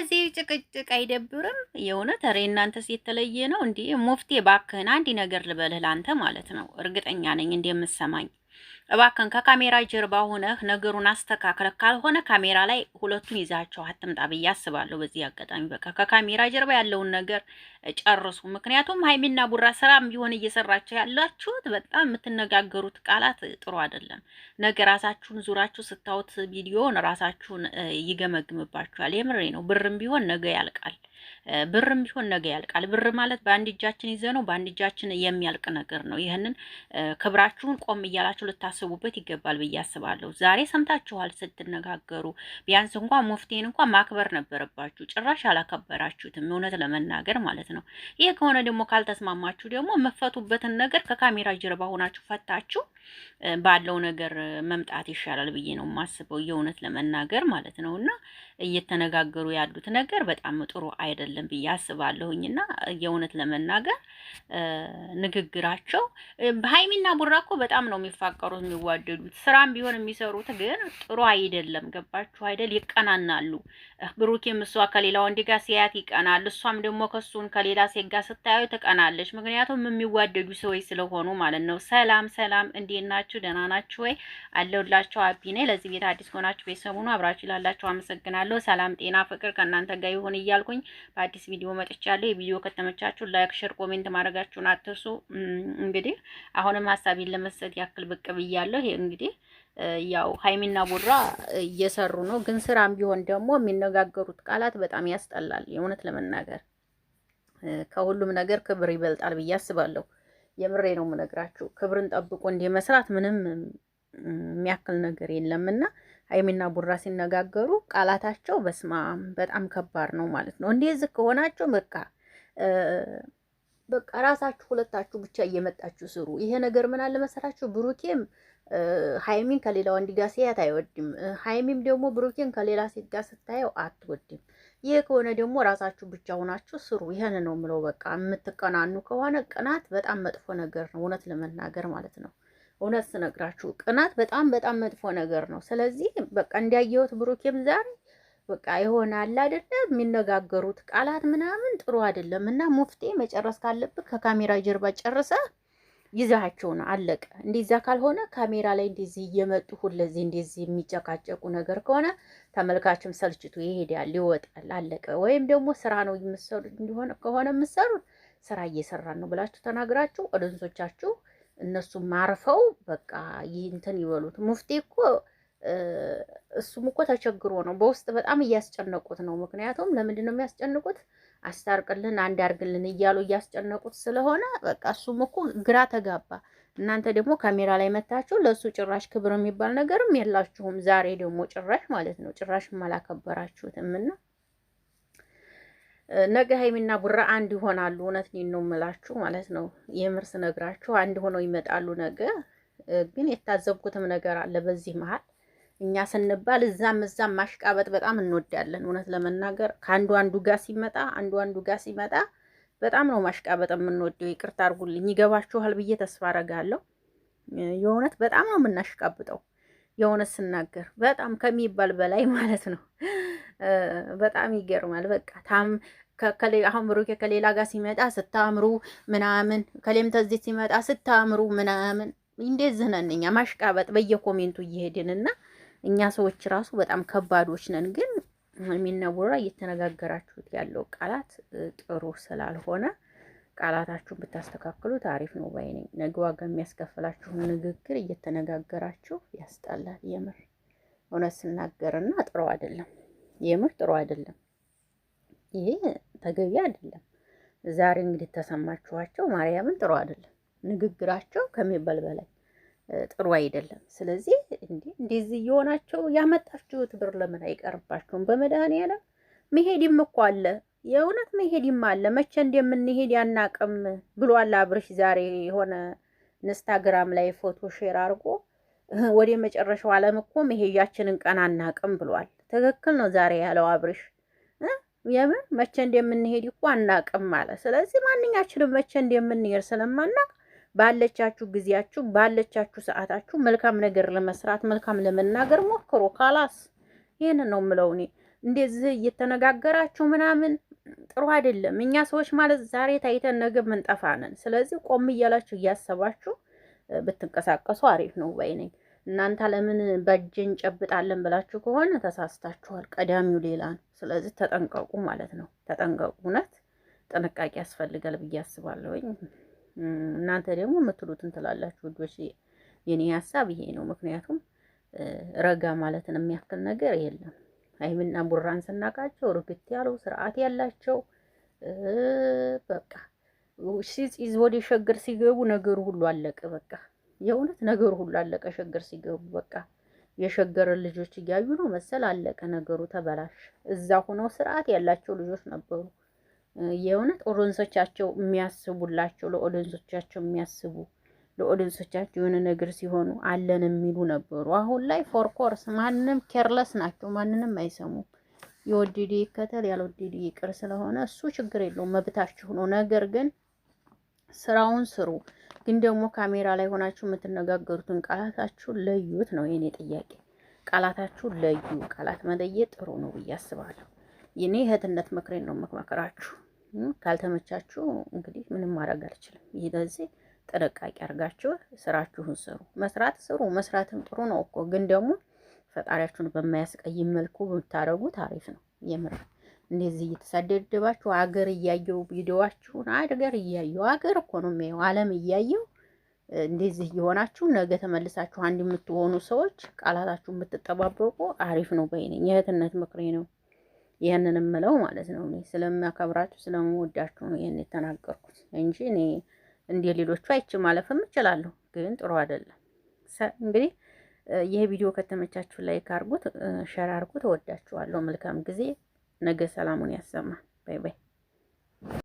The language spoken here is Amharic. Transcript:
ከዚህ ጭቅጭቅ አይደብርም? የእውነት ኧረ እናንተስ የተለየ ነው እንዴ? ሙፍቴ ባክህን አንድ ነገር ልበልህ ላንተ ማለት ነው። እርግጠኛ ነኝ እንደምትሰማኝ እባክን ከካሜራ ጀርባ ሆነህ ነገሩን አስተካክለ ካልሆነ ካሜራ ላይ ሁለቱን ይዛቸው አትምጣ ብዬ አስባለሁ። በዚህ አጋጣሚ በቃ ከካሜራ ጀርባ ያለውን ነገር ጨርሱ። ምክንያቱም ሀይሚና ቡራ ስራም ቢሆን እየሰራቸው ያላችሁት በጣም የምትነጋገሩት ቃላት ጥሩ አይደለም። ነገ ራሳችሁን ዙራችሁ ስታዩት ቪዲዮን ራሳችሁን ይገመግምባችኋል። የምሬ ነው። ብርም ቢሆን ነገ ያልቃል። ብርም ቢሆን ነገ ያልቃል። ብር ማለት በአንድ እጃችን ይዘ ነው በአንድ እጃችን የሚያልቅ ነገር ነው። ይህንን ክብራችሁን ቆም እያላችሁ ልታስ ልታስቡበት ይገባል ብዬ አስባለሁ። ዛሬ ሰምታችኋል ስትነጋገሩ። ቢያንስ እንኳ ሙፍቲን እንኳ ማክበር ነበረባችሁ። ጭራሽ አላከበራችሁትም፣ እውነት ለመናገር ማለት ነው። ይሄ ከሆነ ደግሞ ካልተስማማችሁ ደግሞ መፈቱበትን ነገር ከካሜራ ጀርባ ሆናችሁ ፈታችሁ ባለው ነገር መምጣት ይሻላል ብዬ ነው የማስበው፣ የእውነት ለመናገር ማለት ነው። እና እየተነጋገሩ ያሉት ነገር በጣም ጥሩ አይደለም ብዬ አስባለሁኝ። እና የእውነት ለመናገር ንግግራቸው ሀይሚና ቡራ እኮ በጣም ነው የሚፋቀሩት። የሚዋደዱት ስራም ቢሆን የሚሰሩት ግን ጥሩ አይደለም። ገባችሁ አይደል? ይቀናናሉ። ብሩኬም እሷ ከሌላ ወንድ ጋር ሲያያት ይቀናል፣ እሷም ደግሞ ከሱን ከሌላ ሴት ጋር ስታየው ትቀናለች። ምክንያቱም የሚዋደዱ ሰዎች ስለሆኑ ማለት ነው። ሰላም ሰላም፣ እንዴት ናችሁ? ደህና ናችሁ ወይ? አለሁላችሁ። አቢ ነኝ። ለዚህ ቤት አዲስ ከሆናችሁ ቤተሰቡ አብራችሁ ላላችሁ አመሰግናለሁ። ሰላም፣ ጤና፣ ፍቅር ከእናንተ ጋር ይሁን እያልኩኝ በአዲስ ቪዲዮ መጥቻለሁ። የቪዲዮ ከተመቻችሁ ላይክ፣ ሼር፣ ኮሜንት ማድረጋችሁን አትርሱ። እንግዲህ አሁንም ሀሳቢን ለመስጠት ያክል ብቅ ብያ ብያለሁ። ይሄ እንግዲህ ያው ሀይሚና ቡራ እየሰሩ ነው። ግን ስራም ቢሆን ደግሞ የሚነጋገሩት ቃላት በጣም ያስጠላል። የእውነት ለመናገር ከሁሉም ነገር ክብር ይበልጣል ብዬ አስባለሁ። የምሬ ነው የምነግራችሁ። ክብርን ጠብቆ እንደ መስራት ምንም የሚያክል ነገር የለምና ሀይሚና ቡራ ሲነጋገሩ ቃላታቸው በስማም በጣም ከባድ ነው ማለት ነው። እንደዚህ ከሆናቸው በቃ በቃ ራሳችሁ ሁለታችሁ ብቻ እየመጣችሁ ስሩ። ይሄ ነገር ምን አለ መሰላችሁ ብሩኬም ሃይሚን ከሌላ ወንድ ጋር ሲያት አይወድም። ሃይሚም ደግሞ ብሩኬን ከሌላ ሴት ጋር ስታየው አትወድም። ይሄ ከሆነ ደግሞ ራሳችሁ ብቻ ሆናችሁ ስሩ። ይሄን ነው ምለው በቃ የምትቀናኑ ከሆነ ቅናት በጣም መጥፎ ነገር ነው፣ እውነት ለመናገር ማለት ነው። እውነት ስነግራችሁ ቅናት በጣም በጣም መጥፎ ነገር ነው። ስለዚህ በቃ እንዲያየሁት ብሩኬም ዛሬ በቃ የሆነ አለ አይደለ የሚነጋገሩት ቃላት ምናምን ጥሩ አይደለም። እና ሙፍቴ መጨረስ ካለብህ ከካሜራ ጀርባ ጨርሰህ ይዛቸው ነው አለቀ። እንደዛ ካልሆነ ካሜራ ላይ እንደዚህ እየመጡ ሁለዚህ እንደዚህ የሚጨቃጨቁ ነገር ከሆነ ተመልካችም ሰልችቱ ይሄዳል፣ ይወጣል፣ አለቀ። ወይም ደግሞ ስራ ነው የምሰሩ እንደሆነ ከሆነ የምሰሩት ስራ እየሰራን ነው ብላችሁ ተናግራችሁ ኦዲየንሶቻችሁ እነሱም አርፈው በቃ ይህንትን ይበሉት ሙፍቴ እኮ እሱም እኮ ተቸግሮ ነው። በውስጥ በጣም እያስጨነቁት ነው። ምክንያቱም ለምንድን ነው የሚያስጨንቁት? አስታርቅልን አርግልን እያሉ እያስጨነቁት ስለሆነ በቃ እሱም እኮ ግራ ተጋባ። እናንተ ደግሞ ካሜራ ላይ መታችሁ፣ ለእሱ ጭራሽ ክብር የሚባል ነገርም የላችሁም። ዛሬ ደግሞ ጭራሽ ማለት ነው ጭራሽ አላከበራችሁትም። እና ነገ ሀይሚና ቡራ አንድ ይሆናሉ። እውነት ነው የምላችሁ ማለት ነው። የምርስ ነግራችሁ አንድ ሆነው ይመጣሉ። ነገ ግን የታዘብኩትም ነገር አለ በዚህ መሀል እኛ ስንባል እዛም እዛም ማሽቃበጥ በጣም እንወዳለን። እውነት ለመናገር ከአንዱ አንዱ ጋር ሲመጣ አንዱ አንዱ ጋር ሲመጣ በጣም ነው ማሽቃበጥ የምንወደው። ይቅርታ አድርጉልኝ። ይገባችኋል ብዬ ተስፋ አረጋለሁ። የእውነት በጣም ነው የምናሽቃብጠው። የእውነት ስናገር በጣም ከሚባል በላይ ማለት ነው። በጣም ይገርማል። በቃ ታም አሁን ብሩኬ ከሌላ ጋር ሲመጣ ስታምሩ ምናምን፣ ከሌም ተዚህ ሲመጣ ስታምሩ ምናምን እንዴት ነን እኛ ማሽቃበጥ በየኮሜንቱ እየሄድን እና እኛ ሰዎች ራሱ በጣም ከባዶች ነን። ግን የሚነውራ እየተነጋገራችሁት ያለው ቃላት ጥሩ ስላልሆነ ቃላታችሁን ብታስተካክሉ አሪፍ ነው ባይ ነኝ። ነገ ዋጋ የሚያስከፍላችሁን ንግግር እየተነጋገራችሁ ያስጠላል። የምር እውነት ስናገርና ጥሩ አይደለም። የምር ጥሩ አይደለም። ይሄ ተገቢ አይደለም። ዛሬ እንግዲህ ተሰማችኋቸው ማርያምን ጥሩ አይደለም ንግግራቸው ከሚባል በላይ ጥሩ አይደለም። ስለዚህ እንደዚህ እየሆናቸው ያመጣችሁት ብር ለምን አይቀርባችሁም? በመድኃኒዓለም መሄድም እኮ አለ፣ የእውነት መሄድም አለ። መቼ እንደምንሄድ ያናቅም ብሏል አብርሽ። ዛሬ የሆነ ኢንስታግራም ላይ ፎቶ ሼር አድርጎ ወደ መጨረሻው ዓለም እኮ መሄጃችንን ቀን አናቅም ብሏል። ትክክል ነው ዛሬ ያለው አብርሽ። የምን መቼ እንደምንሄድ እኮ አናቅም አለ። ስለዚህ ማንኛችንም መቼ እንደምንሄድ ስለማናቅ ባለቻችሁ ጊዜያችሁ ባለቻችሁ ሰዓታችሁ መልካም ነገር ለመስራት መልካም ለመናገር ሞክሮ ካላስ ይህን ነው ምለው እኔ። እንደዚህ እየተነጋገራችሁ ምናምን ጥሩ አይደለም። እኛ ሰዎች ማለት ዛሬ ታይተን ነገ ምንጠፋ ነን። ስለዚህ ቆም እያላችሁ እያሰባችሁ ብትንቀሳቀሱ አሪፍ ነው ወይ ነኝ። እናንተ ለምን በእጅ እንጨብጣለን ብላችሁ ከሆነ ተሳስታችኋል። ቀዳሚው ሌላ ነው። ስለዚህ ተጠንቀቁ ማለት ነው። ተጠንቀቁ። እውነት ጥንቃቄ ያስፈልጋል ብዬ አስባለሁኝ። እናንተ ደግሞ የምትሉትን ትላላችሁ ውዶች። የኔ ሀሳብ ይሄ ነው። ምክንያቱም ረጋ ማለትን የሚያክል ነገር የለም። ሀይምና ቡራን ስናቃቸው እርግት ያለው ስርዓት ያላቸው በቃ ሲዝ ወደ ሸገር ሲገቡ ነገሩ ሁሉ አለቀ። በቃ የእውነት ነገሩ ሁሉ አለቀ። ሸገር ሲገቡ በቃ የሸገር ልጆች እያዩ ነው መሰል አለቀ ነገሩ፣ ተበላሽ። እዛ ሆነው ስርዓት ያላቸው ልጆች ነበሩ። የእውነት ኦዲየንሶቻቸው የሚያስቡላቸው ለኦዲየንሶቻቸው የሚያስቡ ለኦዲየንሶቻቸው የሆነ ነገር ሲሆኑ አለን የሚሉ ነበሩ። አሁን ላይ ፎርኮርስ ማንም ኬርለስ ናቸው። ማንንም አይሰሙም። የወደደ ይከተል ያልወደደ ይቅር ስለሆነ እሱ ችግር የለውም መብታችሁ ነው። ነገር ግን ስራውን ስሩ። ግን ደግሞ ካሜራ ላይ ሆናችሁ የምትነጋገሩትን ቃላታችሁ ለዩት ነው የኔ ጥያቄ። ቃላታችሁ ለዩ። ቃላት መለየት ጥሩ ነው ብዬ አስባለሁ። የኔ እህትነት ምክሬን ነው መክመክራችሁ ካልተመቻችሁ እንግዲህ ምንም ማድረግ አልችልም። ይህ ለዚህ ጥንቃቄ አድርጋችሁ ስራችሁን ስሩ። መስራት ስሩ፣ መስራትም ጥሩ ነው እኮ ግን ደግሞ ፈጣሪያችሁን በማያስቀይም መልኩ ብታደርጉት አሪፍ ነው። የምር እንደዚህ እየተሳደደባችሁ አገር እያየው ቪዲዮዋችሁን አገር እያየው አገር እኮ ነው የሚያየው አለም እያየው እንደዚህ እየሆናችሁ ነገ ተመልሳችሁ አንድ የምትሆኑ ሰዎች ቃላታችሁ የምትጠባበቁ አሪፍ ነው። በይነኝ የእህትነት ምክሬ ነው። ይህንን የምለው ማለት ነው። እኔ ስለማከብራችሁ ስለምወዳችሁ ነው ይህን የተናገርኩት እንጂ እኔ እንደ ሌሎቹ አይቼ ማለፍም እችላለሁ፣ ግን ጥሩ አይደለም። እንግዲህ ይህ ቪዲዮ ከተመቻችሁ ላይክ አርጉት፣ ሸር አርጉት። ወዳችኋለሁ። መልካም ጊዜ። ነገ ሰላሙን ያሰማል። ባይ ባይ።